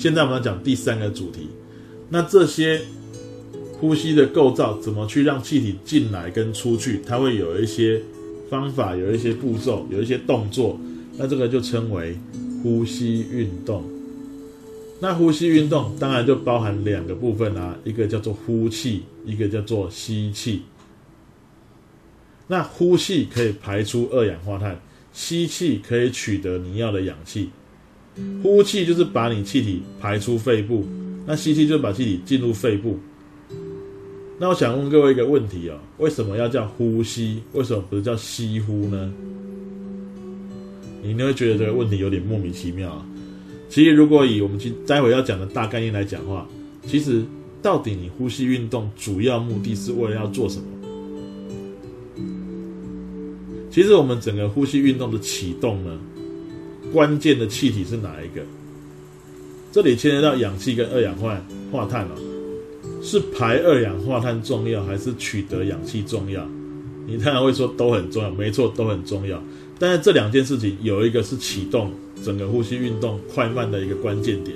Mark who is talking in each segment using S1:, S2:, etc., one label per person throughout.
S1: 現在我們要講第三個主題，那這些呼吸的構造怎麼去讓氣體進來跟出去？它會有一些方法，有一些步驟，有一些動作。那這個就稱為呼吸運動。那呼吸運動當然就包含兩個部分啊，一個叫做呼氣，一個叫做吸氣。那呼氣可以排出二氧化碳，吸氣可以取得你要的氧氣。呼氣就是把你氣體排出肺部，那吸氣就是把氣體進入肺部。那我想問各位一個問題啊、哦，為什麼要叫呼吸？為什麼不是叫吸呼呢？你可能會覺得這個問題有點莫名其妙、啊。其實，如果以我們今待會要講的大概念來講的話，其實到底你呼吸運動主要目的是為了要做什麼？其實，我們整個呼吸運動的啟動呢？關鍵的氣體是哪一個？這裡牽涉到氧氣跟二氧化碳，化碳哦，是排二氧化碳重要還是取得氧氣重要？你當然會說都很重要，沒錯，都很重要。但是這兩件事情有一個是啟動整個呼吸運動快慢的一個關鍵點，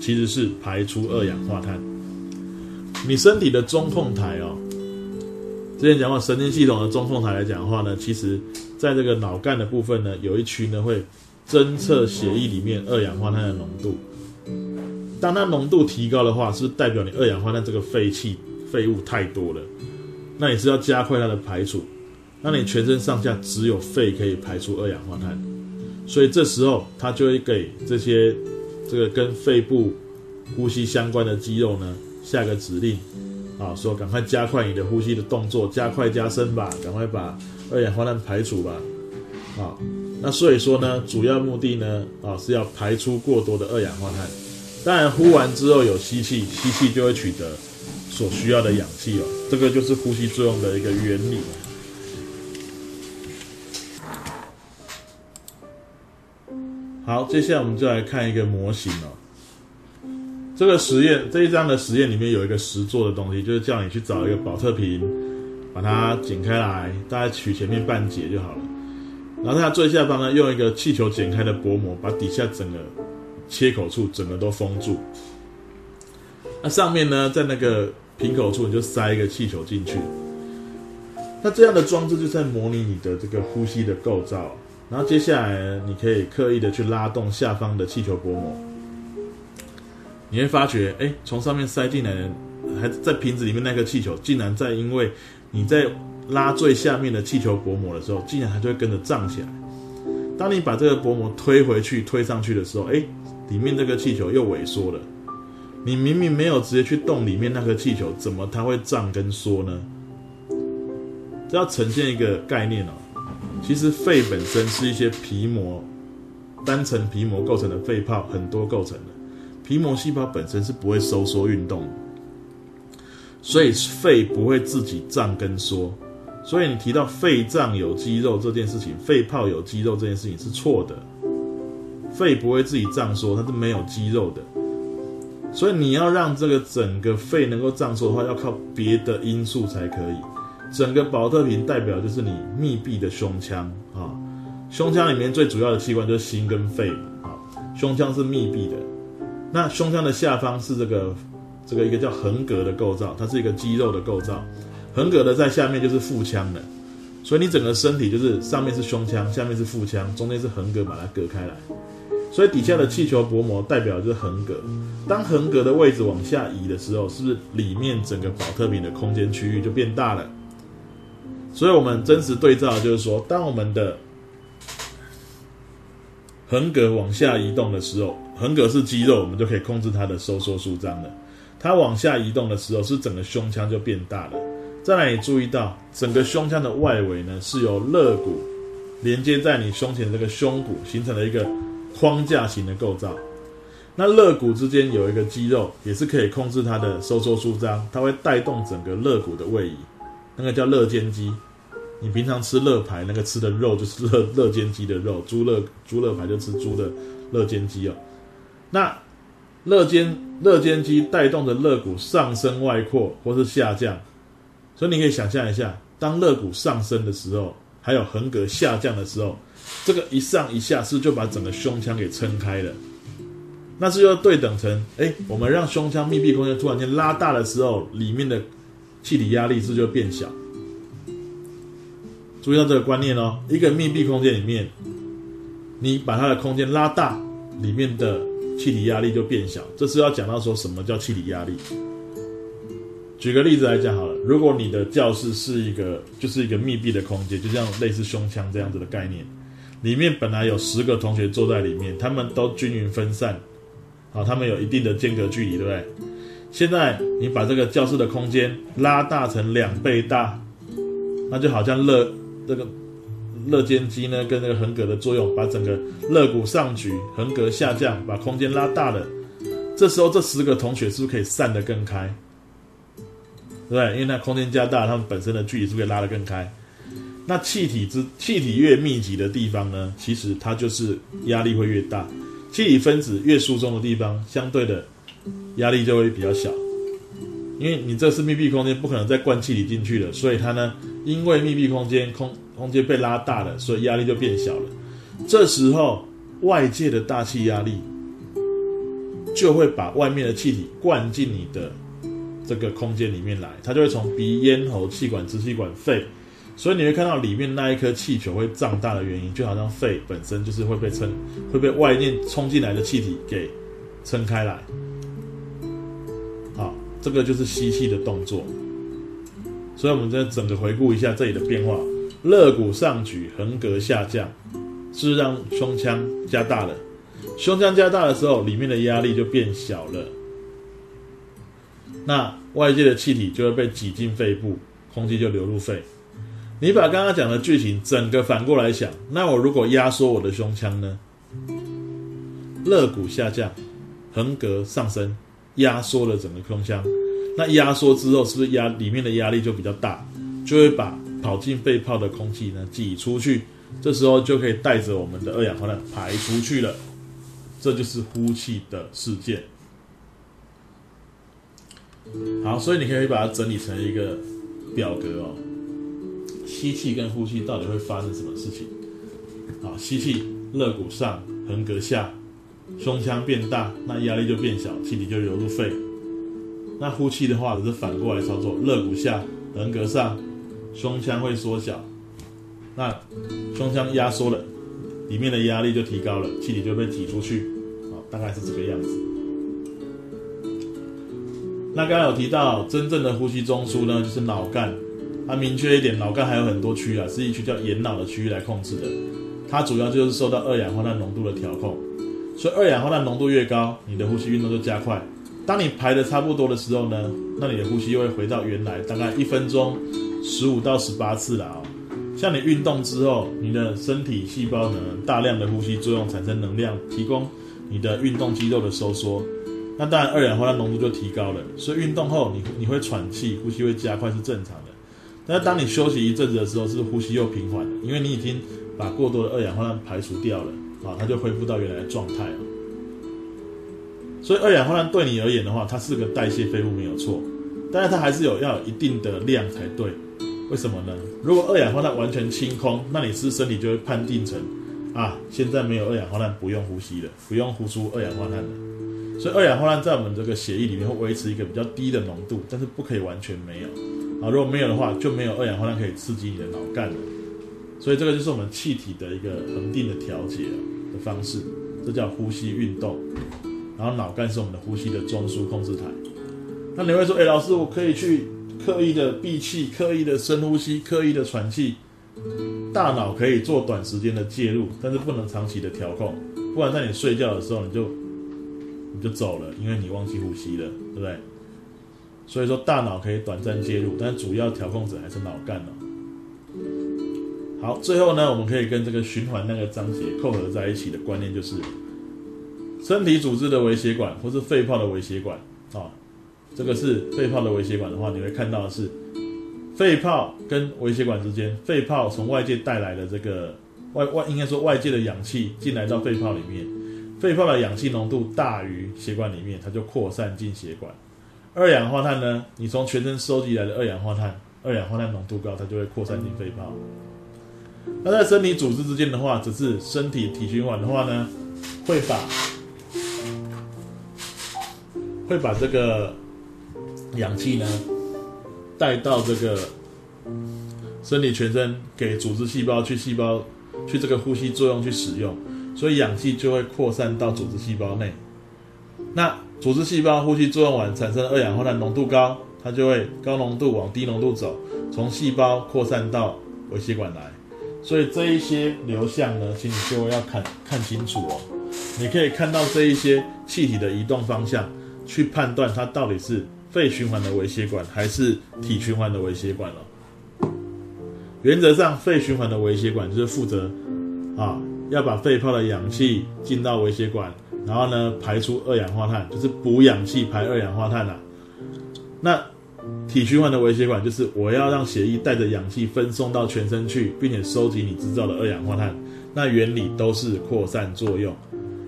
S1: 其實是排出二氧化碳。你身體的中控台哦，之前講話神經系統的中控台來講的話呢，其實在這個腦幹的部分呢，有一區呢會。偵測血液裡面二氧化碳的濃度，當它濃度提高的話，是，是代表你二氧化碳這個廢氣廢物太多了，那也是要加快它的排除。那你全身上下只有肺可以排出二氧化碳，所以這時候它就會給這些這個跟肺部呼吸相關的肌肉呢下個指令啊，說趕快加快你的呼吸的動作，加快加深吧，趕快把二氧化碳排除吧，啊。那所以說呢，主要目的呢，啊，是要排出過多的二氧化碳。當然，呼完之後有吸氣，吸氣就會取得所需要的氧氣哦。這個就是呼吸作用的一個原理。好，接下來我們就來看一個模型哦。這個實驗這一章的實驗裡面有一個實做的東西，就是叫你去找一個寶特瓶，把它剪開來，大概取前面半截就好了。然後它最下方呢，用一個氣球剪開的薄膜，把底下整個切口處整個都封住。那上面呢，在那個瓶口處，你就塞一個氣球進去。那這樣的裝置就在模擬你的這個呼吸的構造。然後接下來呢，你可以刻意的去拉動下方的氣球薄膜，你會發覺，哎、欸，從上面塞進來的還在瓶子裡面那個氣球，竟然在因為你在，拉最下面的氣球薄膜的時候，竟然它就會跟着脹起來。當你把這個薄膜推回去、推上去的時候，哎，裡面這個氣球又萎縮了。你明明沒有直接去動裡面那個氣球，怎麼它會脹跟縮呢？這要呈現一個概念哦。其實肺本身是一些皮膜、單層皮膜構成的肺泡，很多構成的皮膜細胞本身是不會收縮運動，所以肺不會自己脹跟縮。所以你提到肺臟有肌肉這件事情，肺泡有肌肉這件事情是錯的。肺不會自己脹縮，它是沒有肌肉的。所以你要讓這個整個肺能夠脹縮的話，要靠別的因素才可以。整個寶特瓶代表就是你密閉的胸腔啊、哦，胸腔裡面最主要的器官就是心跟肺嘛啊、哦，胸腔是密閉的。那胸腔的下方是這個這個一個叫橫膈的構造，它是一個肌肉的構造。橫膈的在下面就是腹腔的，所以你整個身體就是上面是胸腔，下面是腹腔，中間是橫膈把它隔開來。所以底下的氣球薄膜代表的是橫膈。當橫膈的位置往下移的時候，是不是裡面整個保特瓶的空間區域就變大了？所以我們真實對照的就是說，當我們的橫膈往下移動的時候，橫膈是肌肉，我們就可以控制它的收縮舒張了。它往下移動的時候，是整個胸腔就變大了。再來，你注意到整個胸腔的外圍呢，是由肋骨連接在你胸前這個胸骨，形成了一個框架型的構造。那肋骨之間有一個肌肉，也是可以控制它的收縮舒張，它會帶動整個肋骨的位移，那個叫肋間肌。你平常吃肋排，那個吃的肉就是肋肋間肌的肉，豬肋豬肋排就吃豬的肋間肌哦。那肋間肋間肌帶動的肋骨上升外擴，或是下降。所以你可以想象一下，當肋骨上升的時候，還有橫膈下降的時候，這個一上一下是就把整個胸腔給撐開了？那是要對等成，哎，我們讓胸腔密閉空間突然間拉大的時候，裡面的氣體壓力是不是就變小？注意到這個觀念哦，一個密閉空間裡面，你把它的空間拉大，裡面的氣體壓力就變小。這是要講到說什麼叫氣體壓力。舉個例子來講好。如果你的教室是一個，就是一個密閉的空間，就像類似胸腔這樣子的概念，裡面本來有十個同學坐在裡面，他們都均勻分散，好，他們有一定的間隔距離，對不對？現在你把這個教室的空間拉大成兩倍大，那就好像肋這、那個肋間肌呢，跟這個橫膈的作用，把整個肋骨上舉，橫膈下降，把空間拉大了，這時候這十個同學是不是可以散得更開？對，因為它空間加大，它們本身的距離是不是可以拉得更開？那氣體之氣體越密集的地方呢，其實它就是壓力會越大。氣體分子越疏鬆的地方，相對的壓力就會比較小。因為你這是密閉空間，不可能再灌氣體進去了，所以它呢，因為密閉空間空空間被拉大了，所以壓力就變小了。這時候外界的大氣壓力就會把外面的氣體灌進你的。這個空間裡面來，它就會從鼻、咽喉、氣管、支氣管、肺，所以你會看到裡面那一顆氣球會脹大的原因，就好像肺本身就是會被撐，會被外面衝進來的氣體給撐開來。好，這個就是吸氣的動作。所以我們再整個回顧一下這裡的變化：肋骨上舉，橫膈下降，是讓胸腔加大了。胸腔加大的時候，裡面的壓力就變小了。那外界的氣體就會被擠進肺部，空氣就流入肺。你把剛剛講的劇情整個反過來想，那我如果壓縮我的胸腔呢？肋骨下降，橫膈上升，壓縮了整個胸腔。那壓縮之後，是不是壓裡面的壓力就比較大，就會把跑進肺泡的空氣呢擠出去？這時候就可以帶着我們的二氧化碳排出去了。這就是呼氣的事件。好，所以你可以把它整理成一個表格哦。吸氣跟呼氣到底會發生什麼事情？啊，吸氣，肋骨上，橫膈下，胸腔變大，那壓力就變小，氣體就流入肺。那呼氣的話，只是反過來操作，肋骨下，橫膈上，胸腔會縮小。那胸腔壓縮了，裡面的壓力就提高了，氣體就被擠出去。啊，大概是這個樣子。那剛剛有提到，真正的呼吸中樞呢，就是腦幹。它、啊、明確一點，腦幹還有很多區域啊，是一區叫延腦的區域來控制的。它主要就是受到二氧化碳濃度的調控。所以二氧化碳濃度越高，你的呼吸運動就加快。當你排得差不多的時候呢，那你的呼吸又會回到原來，大概一分鐘十五到十八次了啊、哦。像你運動之後，你的身體細胞呢，大量的呼吸作用產生能量，提供你的運動肌肉的收縮。那當然，二氧化碳濃度就提高了，所以運動後你你會喘氣，呼吸會加快是正常的。但是當你休息一陣子的時候，是呼吸又平緩了，因為你已經把過多的二氧化碳排除掉了啊，它就恢復到原來的狀態了。所以二氧化碳對你而言的話，它是個代謝廢物沒有錯，但是它還是要有要一定的量才對。為什麼呢？如果二氧化碳完全清空，那你是，是身體就會判定成啊，現在沒有二氧化碳，不用呼吸了，不用呼出二氧化碳了。所以二氧化碳在我們這個血液裡面會維持一個比較低的濃度，但是不可以完全沒有啊。如果沒有的話，就沒有二氧化碳可以刺激你的腦幹了。所以這個就是我們氣體的一個恆定的調節的方式，這叫呼吸運動。然後腦幹是我們的呼吸的中樞控制台。那你會說，誒，老師，我可以去刻意的閉氣、刻意的深呼吸、刻意的喘氣，大腦可以做短時間的介入，但是不能長期的調控，不然在你睡覺的時候你就。你就走了，因為你忘記呼吸了，對不對？所以說大腦可以短暫介入，但主要調控者還是腦幹哦。好，最後呢，我們可以跟這個循環那個章節扣合在一起的觀念就是，身體組織的微血管或是肺泡的微血管啊、哦，這個是肺泡的微血管的話，你會看到的是肺泡跟微血管之間，肺泡從外界帶來的這個外外應該說外界的氧氣進來到肺泡裡面。肺泡的氧氣濃度大於血管裡面，它就擴散進血管。二氧化碳呢？你從全身收集來的二氧化碳，二氧化碳濃度高，它就會擴散進肺泡。那在身體組織之間的話，只是身體體循環的話呢，會把會把這個氧氣呢帶到這個身體全身，給組織細胞去細胞去這個呼吸作用去使用。所以氧氣就會擴散到組織細胞內，那組織細胞呼吸作用完產生二氧化碳濃度高，它就會高濃度往低濃度走，從細胞擴散到微血管來。所以這一些流向呢，請你就要看看清楚哦。你可以看到這一些氣體的移動方向，去判斷它到底是肺循環的微血管，還是體循環的微血管哦。原則上，肺循環的微血管就是負責啊。要把肺泡的氧氣進到微血管，然後呢排出二氧化碳，就是補氧氣排二氧化碳吶、啊。那體循環的微血管就是我要讓血液帶着氧氣分送到全身去，並且收集你製造的二氧化碳。那原理都是擴散作用，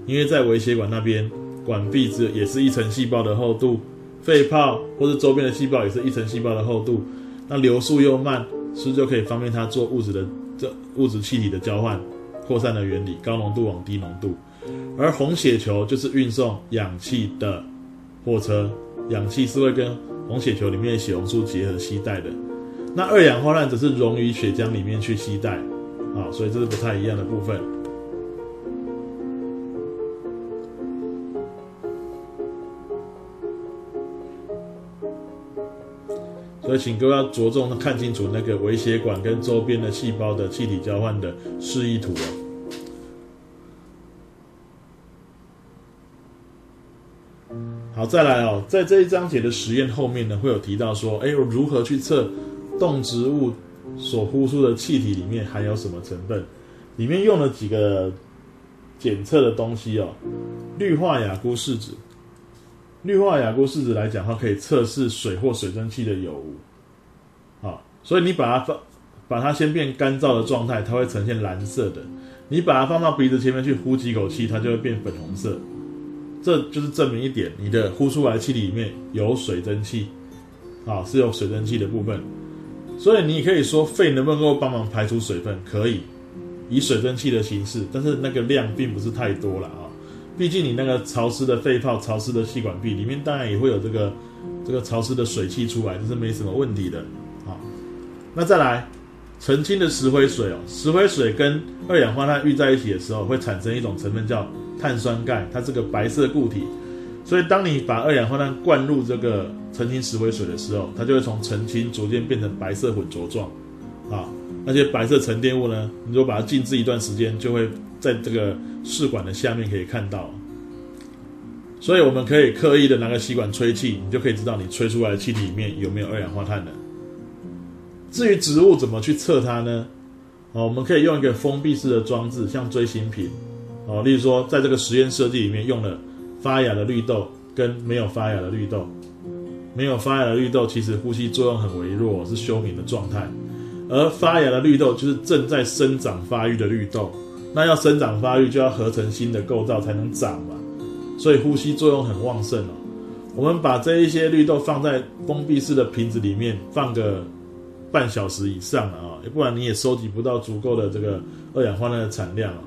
S1: 因為在微血管那邊管壁只有也是一層細胞的厚度，肺泡或者周邊的細胞也是一層細胞的厚度。那流速又慢，是不是就可以方便它做物質的這物質氣體的交換？擴散的原理，高濃度往低濃度，而紅血球就是運送氧氣的貨車，氧氣是會跟紅血球裡面的血紅素結合攜帶的。那二氧化碳則是溶於血漿裡面去攜帶，啊，所以這是不太一樣的部分。所以請各位要着重看清楚那個微血管跟周邊的細胞的氣體交換的示意圖啊。好，再來哦，在這一章節的實驗後面呢，會有提到說，哎，我如何去測動植物所呼出的氣體裡面含有什麼成分？裡面用了幾個檢測的東西哦，氯化亞鈷試紙。氯化亞鈷試紙來講，它可以測試水或水蒸氣的有無。好，所以你把它放，把它先變乾燥的狀態，它會呈現藍色的。你把它放到鼻子前面去呼幾口氣，它就會變粉紅色。這就是證明一點，你的呼出來氣裡面有水蒸氣，啊，是有水蒸氣的部分。所以你可以說肺能不能夠幫忙排出水分，可以以水蒸氣的形式，但是那個量並不是太多了啊。畢竟你那個潮濕的肺泡、潮濕的氣管壁裡面，當然也會有這個這個潮濕的水汽出來，這是沒什麼問題的。好，啊，那再來。澄清的石灰水哦，石灰水跟二氧化碳遇在一起的時候，會產生一種成分叫碳酸鈣，它是個白色固體。所以當你把二氧化碳灌入這個澄清石灰水的時候，它就會從澄清逐漸變成白色渾濁狀。啊，那些白色沉澱物呢，你就把它靜置一段時間，就會在這個試管的下面可以看到。所以我們可以刻意的拿個吸管吹氣，你就可以知道你吹出來的氣體裡面有沒有二氧化碳的。至於植物怎麼去測它呢？哦，我們可以用一個封閉式的裝置，像錐形瓶。哦，例如說，在這個實驗設計裡面用了發芽的綠豆跟沒有發芽的綠豆。沒有發芽的綠豆其實呼吸作用很微弱，是休眠的狀態。而發芽的綠豆就是正在生長發育的綠豆。那要生長發育，就要合成新的構造才能長嘛。所以呼吸作用很旺盛哦。我們把這一些綠豆放在封閉式的瓶子裡面，放個半小時以上了啊，要不然你也收集不到足夠的這個二氧化碳的產量啊。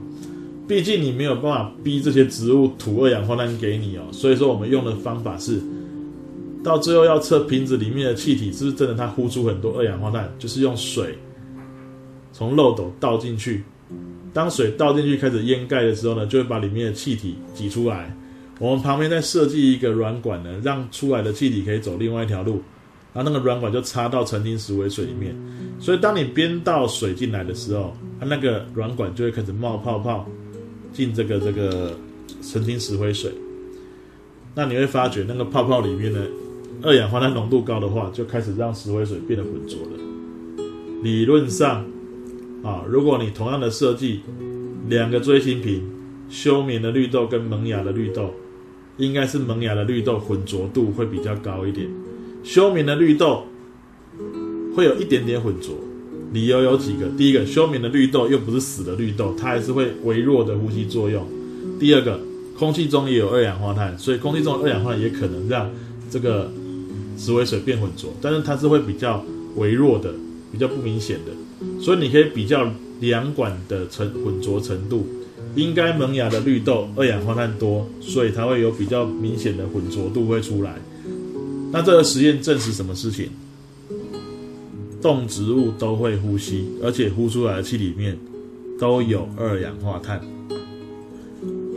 S1: 畢竟你沒有辦法逼這些植物吐二氧化碳給你哦、啊，所以說我們用的方法是，到最後要測瓶子裡面的氣體是不是真的它呼出很多二氧化碳，就是用水從漏斗倒進去，當水倒進去開始淹蓋的時候呢，就會把裡面的氣體擠出來。我們旁邊再設計一個軟管呢，讓出來的氣體可以走另外一條路。啊，那個軟管就插到澄清石灰水裡面，所以當你邊倒水進來的時候，它那個軟管就會開始冒泡泡進這個這個澄清石灰水。那你會發覺那個泡泡裡面呢，二氧化碳濃度高的話，就開始讓石灰水變得渾濁了。理論上，啊，如果你同樣的設計兩個錐形瓶，休眠的綠豆跟萌芽的綠豆，應該是萌芽的綠豆渾濁度會比較高一點。休眠的綠豆會有一點點混濁，理由有幾個：第一個，休眠的綠豆又不是死的綠豆，它還是會微弱的呼吸作用；第二個，空氣中也有二氧化碳，所以空氣中的二氧化碳也可能讓這個石灰水變混濁，但是它是會比較微弱的、比較不明顯的，所以你可以比較兩管的成，混濁程度，應該萌芽的綠豆二氧化碳多，所以它會有比較明顯的混濁度會出來。那這個實驗證實什麼事情？動植物都會呼吸，而且呼出來的氣裡面都有二氧化碳。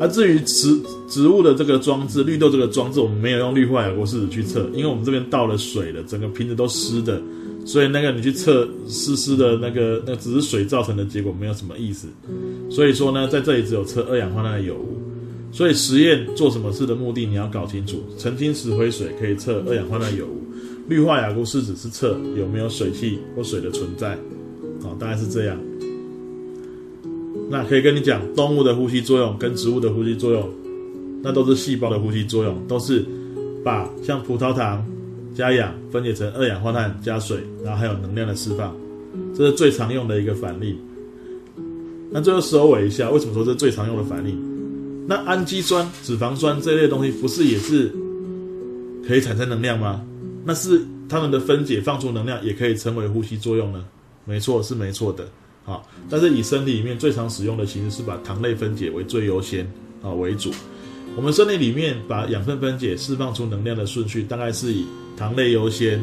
S1: 而至於植植物的這個裝置，綠豆這個裝置，我們沒有用氯化鈣過試紙去測，因為我們這邊倒了水了，整個瓶子都濕的，所以那個你去測濕濕的那個，那只是水造成的結果，沒有什麼意思。所以說呢，在這裡只有測二氧化碳的有。所以實驗做什麼事的目的，你要搞清楚。澄清石灰水可以測二氧化碳有無，氯化亞鈷是指是測有沒有水氣或水的存在，大、哦、當然是這樣。那可以跟你講，動物的呼吸作用跟植物的呼吸作用，那都是細胞的呼吸作用，都是把像葡萄糖加氧分解成二氧化碳加水，然後還有能量的釋放，這是最常用的一個反例。那最後收尾一下，為什麼說這是最常用的反例？那氨基酸、脂肪酸這類東西，不是也是可以產生能量嗎？那是它們的分解放出能量，也可以稱為呼吸作用呢？沒錯，是沒錯的。好，但是以身體裡面最常使用的形式是把糖類分解為最優先啊為主。我們身體裡面把養分分解釋放出能量的順序，大概是以糖類優先，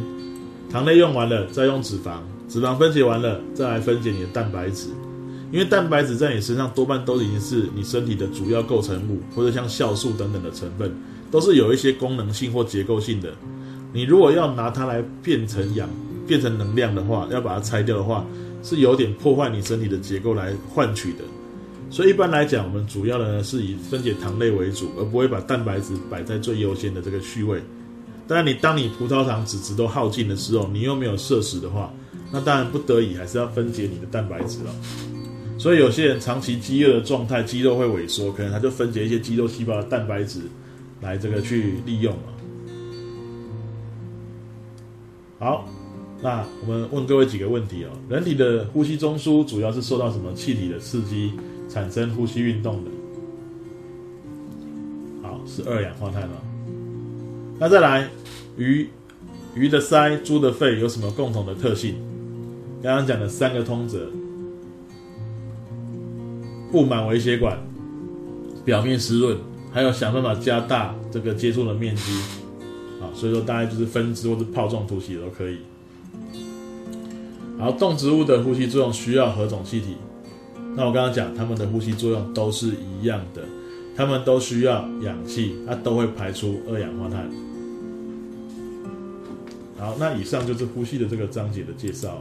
S1: 糖類用完了再用脂肪，脂肪分解完了再來分解你的蛋白質。因為蛋白質在你身上多半都已經是你身體的主要構成物，或者像酵素等等的成分，都是有一些功能性或結構性的。你如果要拿它來變成氧、變成能量的話，要把它拆掉的話，是有點破壞你身體的結構來換取的。所以一般來講，我們主要的呢是以分解糖類為主，而不會把蛋白質擺在最優先的這個序位。當然，你當你葡萄糖脂質都耗盡的時候，你又沒有攝食的話，那當然不得已還是要分解你的蛋白質了。所以有些人長期飢餓的狀態，肌肉會萎縮，可能他就分解一些肌肉細胞的蛋白質來這個去利用了。好，那我們問各位幾個問題哦。人體的呼吸中樞主要是受到什麼氣體的刺激產生呼吸運動的？好，是二氧化碳了。那再來，魚魚的鰓、豬的肺有什麼共同的特性？剛剛講的三個通則。布滿微血管，表面濕潤，還要想辦法加大這個接觸的面積，啊，所以說大概就是分支或者泡狀突起都可以。好，動植物的呼吸作用需要何種氣體？那我剛剛講，它們的呼吸作用都是一樣的，它們都需要氧氣，它都會排出二氧化碳。好，那以上就是呼吸的這個章節的介紹。